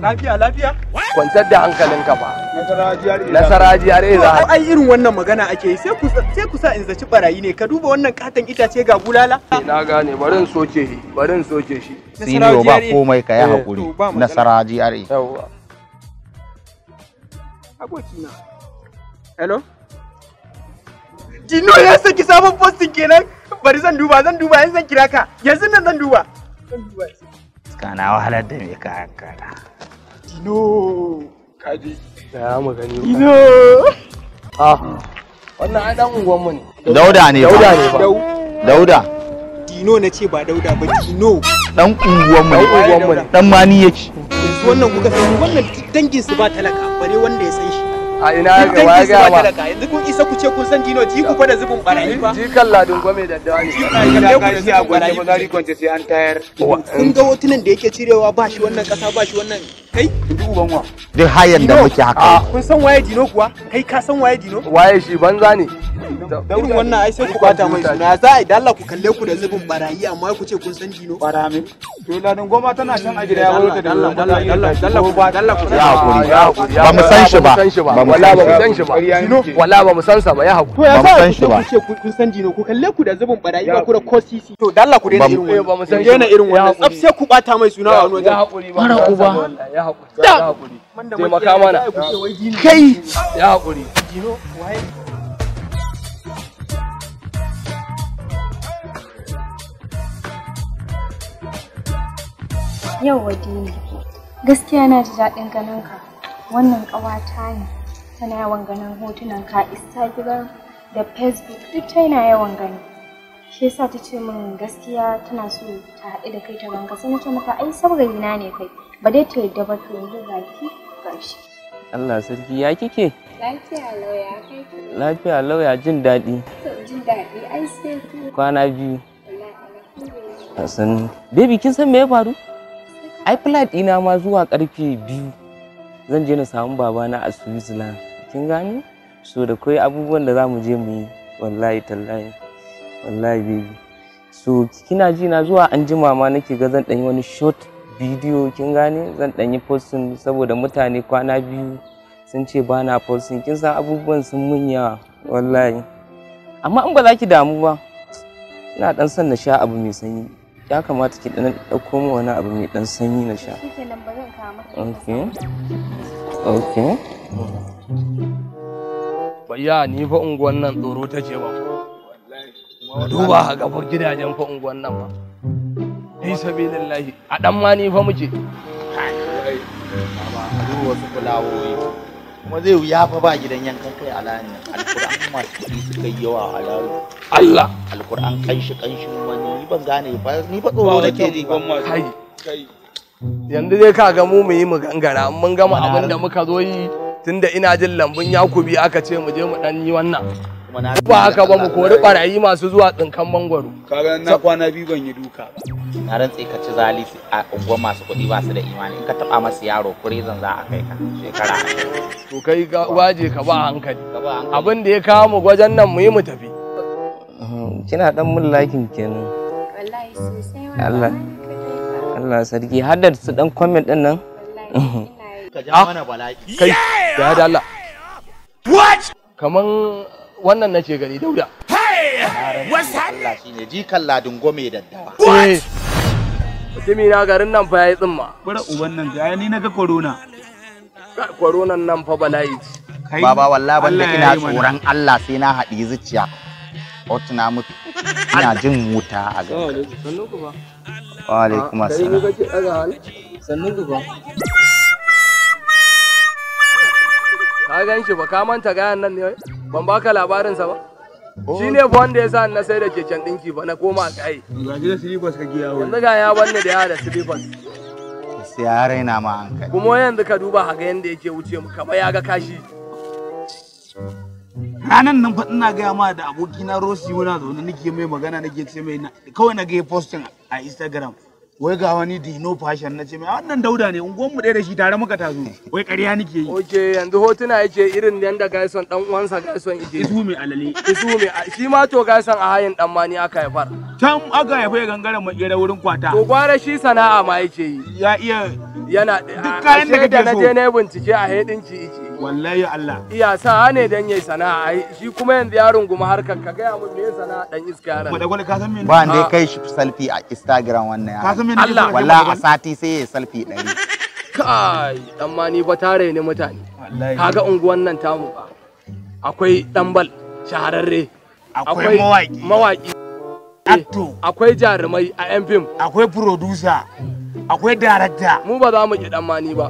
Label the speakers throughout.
Speaker 1: Lafiya lafiya? Kwantar da hankalin ba. Nasara GRA za a. Ai
Speaker 2: irin wannan magana ake yi sai ku sa in zaci barayi ne ka duba
Speaker 1: wannan katon itace ga bulala. Eh, na gane barin soke shi barin soke shi. Siniyo ba komai ka yi eh, hakuri, Nasara GRA. Yawwa.
Speaker 2: Abokina. Hello? Dino ya saki sabon postin kenan. bari zan duba zan duba yanzu zan kira ka yanzu nan zan duba zan duba kana wahalar da me ka hankala
Speaker 1: dino kaji da mu gani dino ah wannan an dan uwan mu ne
Speaker 2: dauda ne dauda ne ba dauda dino na ce ba dauda ba dino dan uwan mu ne dan unguwan mu dan mani yake wannan kuka sani wannan dangin su ba talaka bare wanda ya san shi a ina ga waya ga ma yanzu kun isa ku ce kun san dino ji ku da zubin barayi ba ji kan ladin gome da dawa ne ji kan ku sai a gwada ba zari an kun ga hotunan da yake cirewa ba shi kasa ba shi kai duk uban wa duk hayan da muke haka ah, kun san waye dino kuwa kai ka san waye dino waye shi banza ne irin wannan ai sai ku bata mai suna za a yi dalla ku kalle ku da zubin barayi amma ku ce kun san dino barame to ladan goma tana can a gida ya wuce da dalla dalla dalla ku ba dalla ku ya hakuri ya hakuri ba mu san shi ba
Speaker 1: ba mu san shi ba dino wala ba mu san sa ba ya hakuri to ya san shi ba ku
Speaker 2: ce kun san dino ku kalle ku da zubin barayi ba ku da ko sisi to dalla ku dai irin wannan ba mu san irin wannan tsaf sai ku bata mai suna a wani wajen ya hakuri ba uba
Speaker 1: ya haƙuri haƙuri taimaka mana kai ya haƙuri
Speaker 3: yau wadini gaskiya na ji daɗin ganin ka wannan ƙawata ne tana yawan ganin hotunan ka instagram da facebook duk yana yawan gani shi yasa ta ce min gaskiya tana so ta haɗu da kai ta ranka sai na ce maka ai saurayi na ne kai ba dai ta yadda ba to yanzu ki Allah sarki ya kike lafiya lauya kai lafiya lauya jin daɗi jin daɗi ai sai kwana biyu san baby kin san me ya faru ai flight ɗina ma zuwa ƙarfe biyu zan je na samu babana a switzerland kin gane so da kai abubuwan da za mu je mu yi wallahi tallahi wallahi baby so kina ji na zuwa an jima ma nake ga zan ɗanyi wani short bidiyo kin gane zan ɗanyi posting saboda mutane kwana biyu sun ce ba na posting kin san abubuwan sun mun yawa wallahi amma in ba za ki damu ba ina ɗan son na sha abu mai sanyi ya kamata ki ɗan ɗauko mu wani abu mai ɗan sanyi na sha okay okay
Speaker 1: bayya ni fa unguwan nan tsoro take ba duba ga gidajen fa unguwan nan ba fi sabilillahi a dan ma ni fa muke wasu fulawoyi kuma zai
Speaker 2: wuya fa ba gidan yankan kai alani alquran masu kuɗi suka yi yawa a alani
Speaker 1: Allah alquran kanshi kanshi wani ni ban gane ba ni fa tsoro nake ji kai kai yanzu dai ka ga mu mu yi mu gangara mun gama abin da muka zo yi tunda ina jin lambun yakubi aka ce mu je mu dan yi wannan ba ka ba mu kori barayi masu zuwa tsinkan mangwaro kaga na kwana biyu ban yi duka
Speaker 2: na rantse ka ci zali a unguwar
Speaker 1: masu kuɗi ba su da imani in ka taba masu yaro kurizan za a kai ka shekara to kai waje ka ba hankali abin da ya kawo mu gwajen nan mu yi mu tafi
Speaker 3: kina dan mun lakin kenan Allah Allah sarki haddar su dan comment din nan
Speaker 2: ka ja mana bala'i kai
Speaker 3: da Allah
Speaker 1: what kaman wannan nace gari dauda Allah shi ne jikan ladin gome daddawa. Eh. Mutumi na garin nan fa ya yi tsimma. Bara uban nan ga ni na naga corona. Coronan nan fa bala'i ce. Baba wallahi banda ina tsoron
Speaker 2: Allah sai na haɗi zuciya. Otu na mutu. Ina jin wuta a gaba. Wa alaikum ah,
Speaker 3: assalam. Sannu ku ba. Ka
Speaker 1: gan shi ba ka manta gayan nan ne ban baka labarinsa ba oh. shi ne wanda ya sa na sai da keken ɗinki ba na koma
Speaker 2: yanzu ka ya wani yanzu ga
Speaker 1: ya banne da ya da silifas.
Speaker 2: sai ya raina ma hankali
Speaker 1: kuma yanzu ka duba haga yanda yake wuce mu kaba ya ga kashi ranan nan fa ina gaya ma da abokina Rossi muna zaune nake
Speaker 2: mai magana nake ce mai kawai na ga posting a Instagram wai ga wani dino fashion
Speaker 1: na ce mai wannan dauda ne unguwan mu ɗaya da shi tare muka tazo wai ƙarya nake yi oke yanzu hotuna yake irin yanda gaison dan uwansa gaison ije isu mai alale isu mai shi ma to gaison a hayin dan ma ni aka haifar can aka haife gangaren mu ira wurin kwata to gwara shi sana'a ma yake yi ya iya yana duk kayan da kake so da na je na bincike a hedin ci wallahi Allah iya sa ne dan yayi sana'a ai shi kuma yanzu ya runguma harkar ka ga mu me sana'a dan iska yaran gwada gwada ka san me ba ne ah.
Speaker 2: kai shi selfie a Instagram wannan yaran ka san me Allah wallahi a sati sai yayi selfie dari
Speaker 1: kai dan ma ni ba tare ne mutane kaga unguwan nan tamu ba akwai dambal shahararre akwai mawaki mawaki akwai jarumai a yan fim akwai producer akwai darajja mu ba za mu ki dan mani ba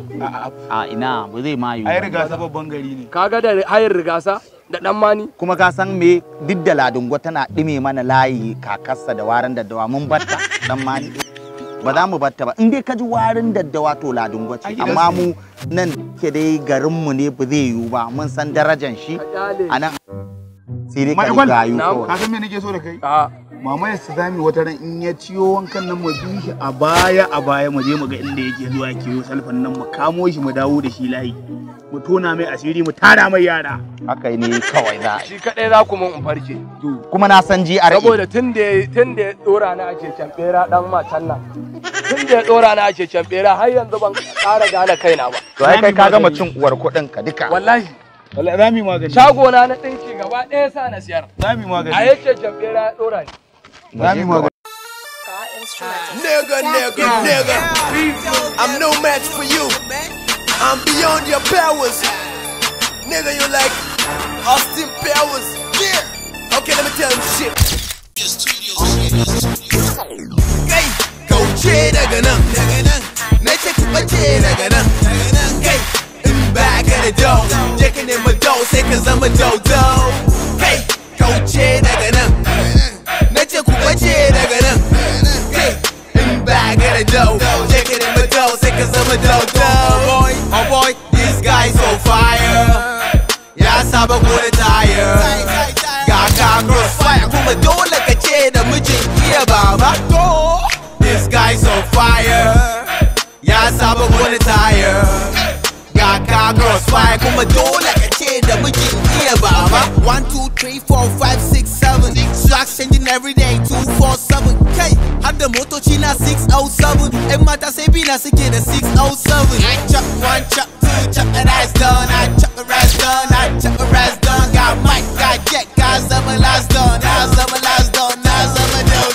Speaker 2: a ina ba zai ma yi riga rigasa
Speaker 1: babban gari ne
Speaker 2: kaga da hayar rigasa da dan mani kuma ka san me duk da ladungo tana dime mana layi kakarsa da waran daddawa mun batta dan mani ba za mu batta ba in dai ka ji warin daddawa to ladungo ce amma mu nan ke dai garin mu ne ba zai yiwu ba mun san darajan shi anan sai dai ka gayu kawai ka san me nake so da kai mama ya su zami wata ran in ya ciyo wankan nan mu bi shi a baya a baya mu je mu ga inda yake zuwa yake yi salfan nan mu kamo shi mu dawo da shi layi mu tona mai asiri mu tara
Speaker 1: mai yara haka ne kawai za shi kadai za ku mun farke kuma
Speaker 2: na san ji a rai saboda
Speaker 1: tun da tun da dora na ake can bera dan matan nan tun da dora na ake can bera har yanzu ban ƙara gane kaina ba to ai kai ka gama cin
Speaker 2: uwar kuɗin ka duka wallahi wallahi magani shago na
Speaker 1: na ɗinki gaba ɗaya sa na siyar Zami magani a yake jamfera dora ne Nigga, nigga, nigga,
Speaker 4: I'm no match for you. I'm beyond your powers. Nigga, you like Austin Powers. Yeah. Okay, let me tell you shit. Hey, go che daga nan. Na ce ki bace daga nan. Hey, in ba ka da dough, je ka nemi dough sai 'cause I'm a dodo. Hey, go che gun up. a dough. Shaking in my dough, sick as I'm a dough. Oh boy, oh boy, this guy's on fire. I'm Ya saba gona tire. Ga cockroach fire kuma dole ka ce da mijin iya baba. This guy's on fire. I'm Ya saba gona tire. Ga cockroach fire kuma dole got to get a 607. Chuck one, chuck two, chuck that ass done. I chuck a ass done, I chuck a ass done. Got Mike, got Jack, got Zama last done. Now Zama last done, now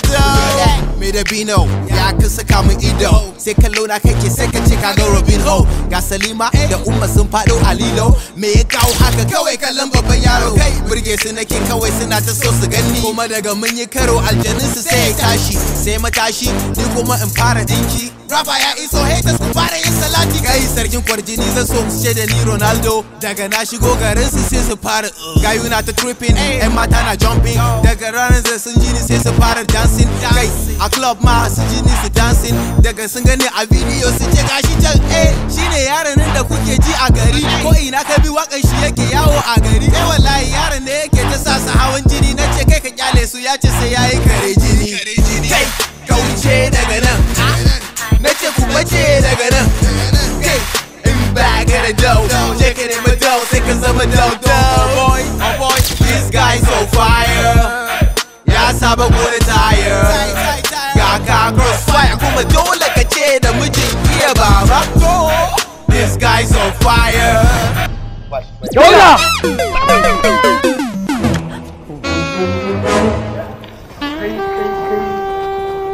Speaker 4: them done. Made a Bino, yeah, I could suck on me Edo. sai kallo na kake sai ka ce ga robin ho ga salima da umma sun fado a lilo me ya kawo haka kawai kallon babban yaro kai burge su nake kawai suna ta so su ganni kuma daga mun yi karo aljanin su sai ya tashi sai matashi ni kuma in fara dinki Rafa ya iso haters ku fara yin salati Gai sarkin kwarjini zan so su ce da ni Ronaldo Daga na shigo garin su sai su fara uh. Gayu na ta tripping, yan mata na jumping Daga ranar da sun ni sai su fara dancing Gai a club ma su ji ni su dancing mutane sun gane a bidiyo su ce gashi can eh shine yaron da kuke ji a gari ko ina ka bi wakan shi yake yawo a gari eh wallahi yaron da yake ta sa su hawan jini na ce kai ka kyale su ya ce sai yayi kare jini kai kauce daga nan na ce ku bace daga nan kai in ba gara dau je ka nemi dau sai ka zama dau dau oh boy oh boy this guy so fire ya saba gona tire ga ka cross fire kuma dole about Rocco. This guy's on fire. Yola!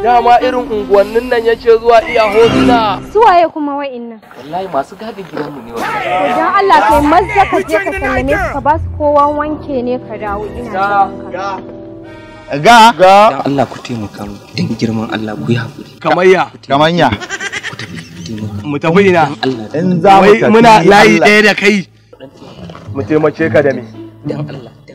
Speaker 1: Dama irin unguwannin nan yace zuwa iya hotuna.
Speaker 3: Suwaye kuma wa'innan? Wallahi masu gadin gidanmu ne wannan. Idan Allah kai mazza ka je ka sallame su ka ba su kowan wanke ne ka dawo ina ka. ga ga Allah ku taimaka mu dan girman Allah ku yi hakuri kamar ya kamar ya ku tafi mu
Speaker 1: tafi ina in za mu tafi muna layi ɗaya da kai mu taimake ka da me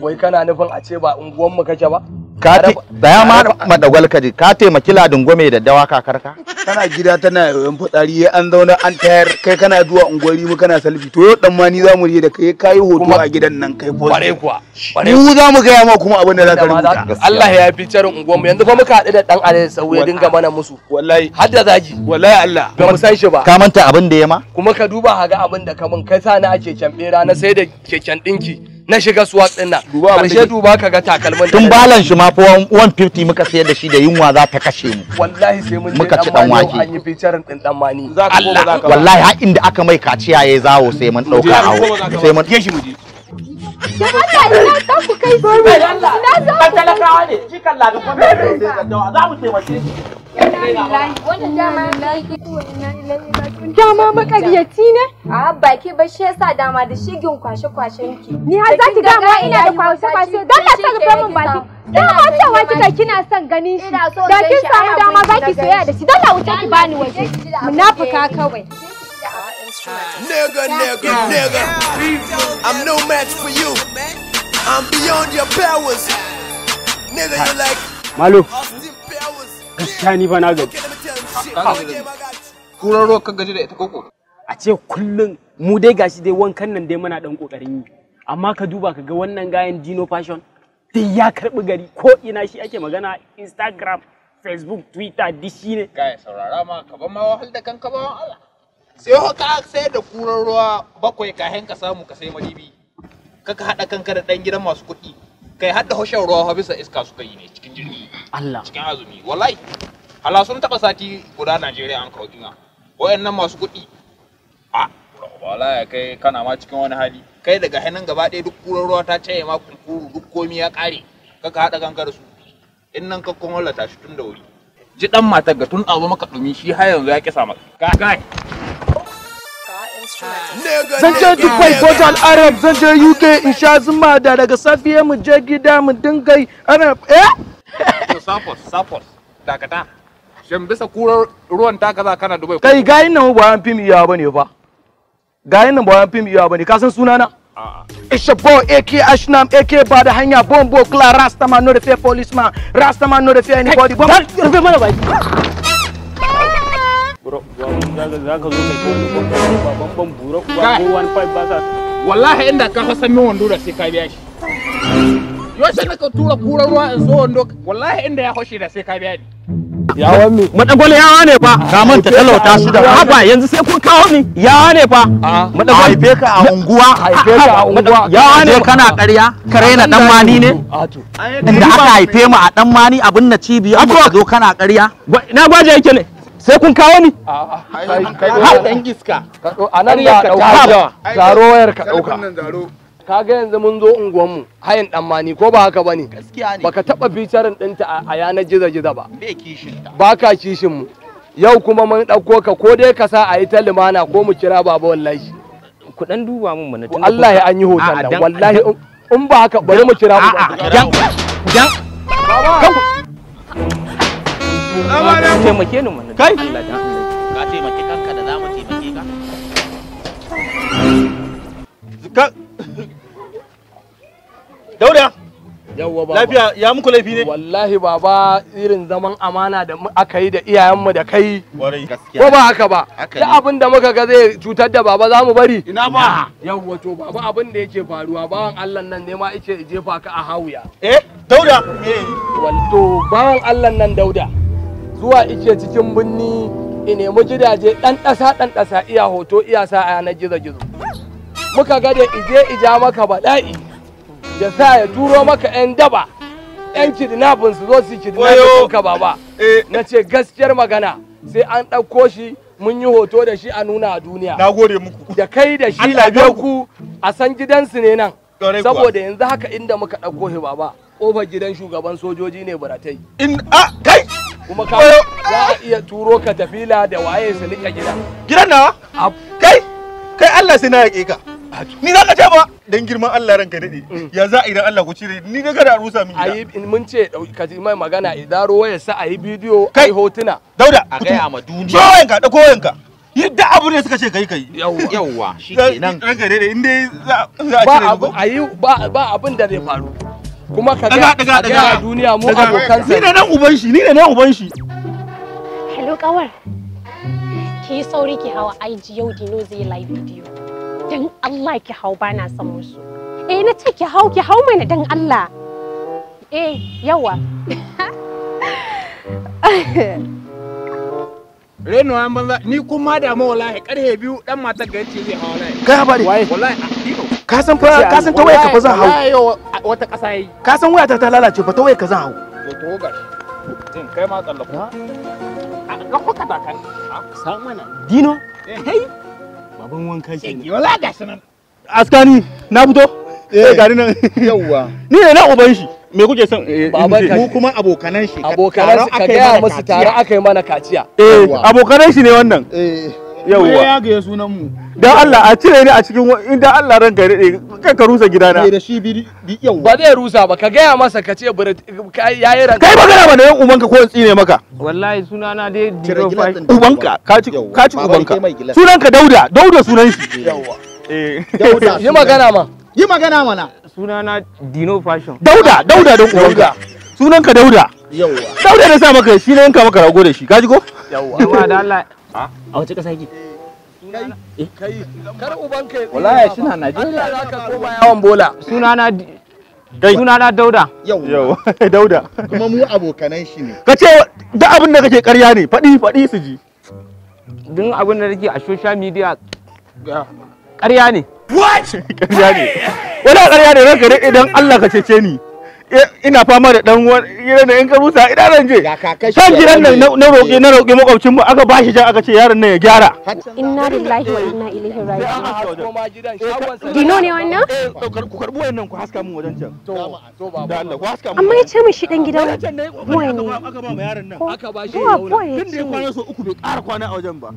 Speaker 1: wai kana nufin a ce ba unguwan mu kake ba ka te baya
Speaker 2: ma madagwal ka ka taimaki ladin gome da dawa karka
Speaker 1: kana gida tana yoyon fitsari
Speaker 2: an zauna an tayar kai kana zuwa unguwari mu kana salfi to yau dan ma ni zamu je da kai kai hoto a gidan nan kai post bare kuwa
Speaker 1: bare mu zamu ga ma kuma abin da za ka rubuta Allah ya fi tarin unguwar mu yanzu fa muka haɗu da dan alai sau sauye dinga mana musu wallahi har da zagi wallahi Allah ba mu san shi ba ka
Speaker 2: manta abin da ya ma
Speaker 1: kuma ka duba ga abin da ka mun kai sa na a keken bera na sai da keken dinki na shiga suwat din nan karshe duba ka ga takalmin tun balan shi
Speaker 2: ma fa 150 muka sayar da shi da yunwa za ta kashe mu wallahi sai mun muka ci dan wake an
Speaker 1: yi featuring din dan mani Allah wallahi har
Speaker 2: inda aka mai kaciya yayi zawo sai mun dauka awo sai mun je shi mu je da Allah
Speaker 3: ina
Speaker 4: ka ku kai
Speaker 2: gobe
Speaker 3: Allah na talakawa
Speaker 4: ne shi kan ladan gobe sai da za mu taimake shi
Speaker 3: Dama makaryaci ne? A baki ba shi yasa dama da shigin kwashe-kwashen ki. Ni har za ki dama ina da kwashe-kwashe don na sa rufe min baki. Dama cewa kika kina son ganin shi. Da kin samu dama za ki soyayya da shi don na wuce ki bani waje. Munafuka
Speaker 2: kawai.
Speaker 4: Nigga, nigga, nigga, I'm no match for you. I'm beyond your powers. Nigga, you like.
Speaker 2: Malu. gaskiya ni ba na gaji kuran ruwa kan gaji da ita koko a ce kullum mu dai gashi dai wankan nan dai muna dan kokarin yi amma ka duba ka ga wannan gayan dino fashion duk ya karbi gari ko ina shi ake magana instagram facebook twitter duk shi ne saurara ma ka ban ma wahal da kanka ba Allah sai ka sai da kuran ruwa bakwai kahin ka samu ka sai madibi kaka hada kanka da dan gidan masu kuɗi kai hadda hoshin ruwa ha bisa iska suka yi ne cikin jirgi Allah cikin azumi wallahi hala sun taba sati guda Najeriya an kawo dinga wayannan masu kuɗi a wallahi kai kana ma cikin wani hali kai daga hannun gaba ɗaya duk kurar ruwa ta ce ma kunkuru duk komai ya ƙare kaka hada kanka su in nan ka kuma lata shi tun da wuri ji dan matar ga tun abu maka dumi shi har yanzu ya kisa maka kai
Speaker 4: zan dubai bojan arab zan uk
Speaker 2: isha zuma da daga safiya mu je gida mu dingai arab eh
Speaker 3: support support dakata shin bisa kurar ruwan taka za kana dubai kai gayin
Speaker 2: nan ba an fim iya bane fa gayin nan ba an fim iya bane ka san sunana It's your boy AK Ashnam, AK Bada Hanya, Bombo Clarence, rastama no a fair policeman, rastama no a fair anybody. Hey, don't, za wallahi inda ka fasa min wando da sai ka biya shi yau sai ka tura kura ruwa in zo wando wallahi inda
Speaker 4: ya hoshe da sai ka biya ni
Speaker 2: yawon mi madagwal yawa ne fa ka manta talauta shi da haba yanzu sai kun kawo ni yawa ne fa madagwal haife ka a unguwa haife ka a unguwa yawa ne kana ƙarya kare na dan mani ne inda aka haife mu a dan mani abin na cibiya ka zo kana ƙarya na gwaje yake ne sai kun kawo ni ha dan
Speaker 1: iska a nan da dauka zaro wayar ka dauka kaga yanzu mun zo unguwan mu hayin dan mani ko ba haka bane baka taba bicarin dinta a yanar gizo gizo ba ba ka kishin mu yau kuma mun dauko ka ko dai ka sa a yi ta limana ko mu kira baba wallahi
Speaker 3: ku dan duba mun mana
Speaker 1: Allah ya an yi hoton nan wallahi in ba haka bari mu kira uban dan dan
Speaker 3: taimake ni mana kai ka
Speaker 2: taimake kanka da zamu taimake
Speaker 1: ka dauda yawwa baba lafiya ya muku laifi ne wallahi baba irin zaman amana da aka yi da iyayenmu da kai ko ba haka ba duk abin da muka ga zai cutar da baba za mu bari ina ba yawwa to baba abin da yake faruwa bawan Allah nan ne ma yace jefa ka a hawuya eh dauda eh wato bawan Allah nan dauda zuwa ike cikin binni in nemi gidaje ɗan ɗasa ɗan ɗasa iya hoto iya sa a yanar gizo gizo muka ga da ije ija maka bala'i ya sa ya turo maka 'yan daba 'yan kidnapping su zo su kidnapping ka baba eh. na ce gaskiyar magana sai an ɗauko shi mun yi hoto da shi a nuna a duniya na muku da kai da shi a ku a san gidansu ne nan saboda yanzu haka inda muka ɗauko shi baba ƙofar gidan shugaban sojoji ne baratai. in a kai kuma ka za a iya turo ka tafila da waye su liƙa gida gidan nawa kai kai Allah sai na yake ka ni za ka ce ba dan girman Allah ranka daɗe mm. ya za idan Allah ku cire ni na da rusa min ayi in mun ce ka ji mai magana idan waye sa ayi bidiyo kai hotuna dauda a gaya ma duniya joyanka da koyanka yadda abu ne suka ce kai kai yawwa shikenan ranka daɗe in dai za a cire ba abin da zai faru kuma ka ga daga duniya mu abokan sa ni ne nan
Speaker 2: uban shi ni ne nan uban shi
Speaker 3: hello kawar ki sauri ki hawa IG yau Dino zai live video dan Allah ki hau bana son musu eh na ce ki hau ki hau mana dan Allah eh yawa
Speaker 2: reno ya banza ni kuma da ma wallahi karhe biyu dan matar ga yace zai hawa wallahi kai habari wallahi ka san fa ka san ta waya ka fa zan hau wata kasa yi ka san waya ta ta lalace fa ta waya ka zan hawo to to gashi din kai ma tsallako tsallaka ga kuka ta kan sa mana dino hey eh. baban wanka shi ne wallahi gashi nan askani na fito eh, eh gari nan yawwa ni ne na uban shi me kuke son eh, eh, eh, mu kuma abokanan shi
Speaker 1: abokanan ka gaya musu tare aka yi mana kaciya eh
Speaker 2: abokanan shi ne wannan eh yauwa ya
Speaker 1: ga sunan mu
Speaker 2: dan Allah a cire ni a cikin idan Allah ranka ya kai ka rusa
Speaker 1: gidana eh da shi bi yauwa ba zai rusa ba ka gaya masa ka ce yayi ranka kai magana ba
Speaker 2: da yan umanka ko tsine maka
Speaker 1: wallahi sunana dai dido fa
Speaker 2: ubanka ka ci ka ci ubanka sunanka dauda dauda sunan shi yauwa eh dauda yi magana ma yi magana
Speaker 3: mana sunana dino fashion
Speaker 2: dauda dauda don uwanka sunan ka dauda
Speaker 3: yawa dauda da
Speaker 2: sa maka shi ne yanka maka rago da shi ka ji ko
Speaker 3: yawa amma da Allah a wace kasa yake
Speaker 1: kai eh. kai kar uban kai wallahi shi na Najeriya Allah zaka koma yawan bola
Speaker 2: sunana Dai. Sunana Dauda. Yau. Dauda. Kuma mu abokanan shi ne. Ka ce da abin da kake karya ne, faɗi faɗi su ji.
Speaker 3: Duk abin da nake a social media ƙarya ne. What? Ƙarya ne. Wani
Speaker 2: ƙarya ne ranka dai idan Allah ka cece ni. ina fama da dan yaron in ka rusa ina ran je kan gidan nan na roƙe na roƙe makwabcin mu aka bashi jan aka ce yaron nan ya gyara
Speaker 3: inna lillahi wa inna ilaihi raji'un dino ne wannan ku karbu wannan ku haska mu wajen can to to da Allah ku haska mu amma ya ce mu shi dan gidan mu ne
Speaker 1: aka ba mu yaron nan aka bashi ya wuri tun da ya kwana
Speaker 2: so uku bai ƙara kwana a wajen ba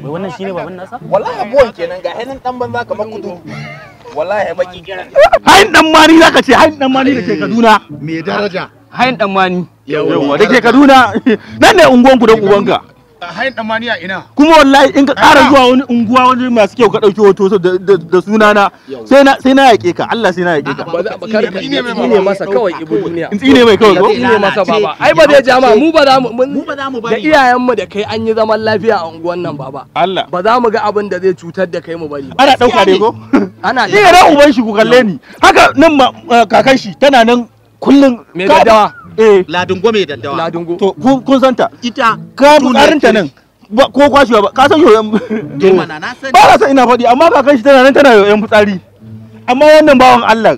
Speaker 2: wannan shine baban nasa wallahi boy kenan ga hanin dan banza kamar kudu wallahi baki kiran hayin dan mani zaka ce hayin dan mani da ke eh, Kaduna me daraja hayin dan mani yawa da ke Kaduna nan ne unguwanku da uwanka hayin ina kuma wallahi in ka ƙara zuwa wani unguwa wani masu kyau ka ɗauki hoto da sunana sai na sai na yaƙe
Speaker 1: ka Allah sai na yaƙe ka ne masa kawai ibu duniya ne mai kawai ko ne masa baba ai ba zai jama mu ba za mu ba da iyayen mu da kai an yi zaman lafiya a unguwan nan baba Allah ba za mu ga abin da zai cutar da kai mu bari ana ɗauka ne ko ana ne ran uban shi ku kalle ni haka nan eh, kakan shi tana nan kullum mai daddawa eh ladungo
Speaker 2: mai daddawa ladungo to kun santa ita ka bukarinta nan ko kwashewa ba ka san yoyon ba na san ina faɗi amma kakan shi tana nan tana yoyon fitsari amma wannan bawan Allah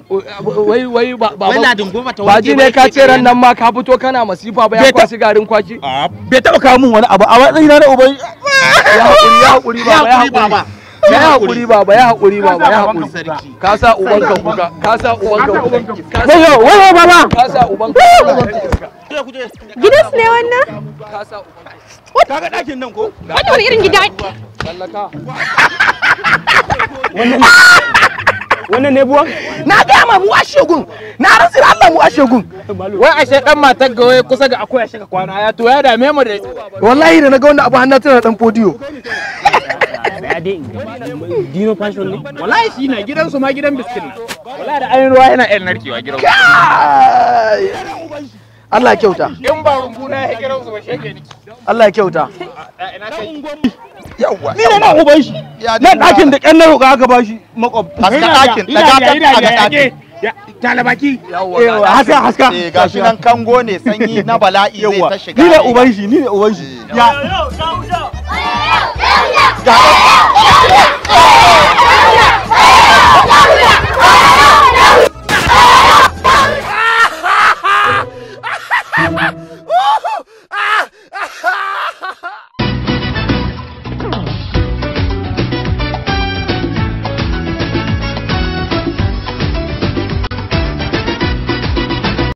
Speaker 1: wai wai ba ba ba ji ne ka ce ran nan ma ka fito kana masifa ba ya kwasi garin kwaki ah.
Speaker 2: bai taɓa kawo min wani abu a matsayin na uban ya hakuri ya hakuri ba ya hakuri
Speaker 1: ya haƙuri baba ya haƙuri baba ya haƙuri ka sa ubanka kuka ka sa ubanka kuka wayo wayo baba ka sa ubanka kuka gidan su ne wannan ka sa ubanka kaga dakin nan ko wani wani irin gida sallaka
Speaker 2: wannan wannan ne buwan na ga ma buwa shegun na rasa Allah mu ashe gun wai ashe dan matar ga wai kusa ga akwai ashe ka kwana ya to ya dame mu da wallahi da naga wannan abu hannu tana dan podio tsaya dino fashion ne wallahi shi na gidan su ma gidan biskin na wallahi da ayin ruwa yana yan narkewa gidan Allah ya kyauta
Speaker 1: in ba rumbuna ya gidan su ba ni
Speaker 2: Allah ya kyauta ina kai yawwa ni na uban shi na dakin da kan na aka bashi. haska ɗakin daga kan daga dakin talabaki yawa eh, haska haska eh gashi nan kango ne sanyi na bala'i zai ta shiga ni ne uban shi ni ne uban shi eh,
Speaker 1: Ha ha ha!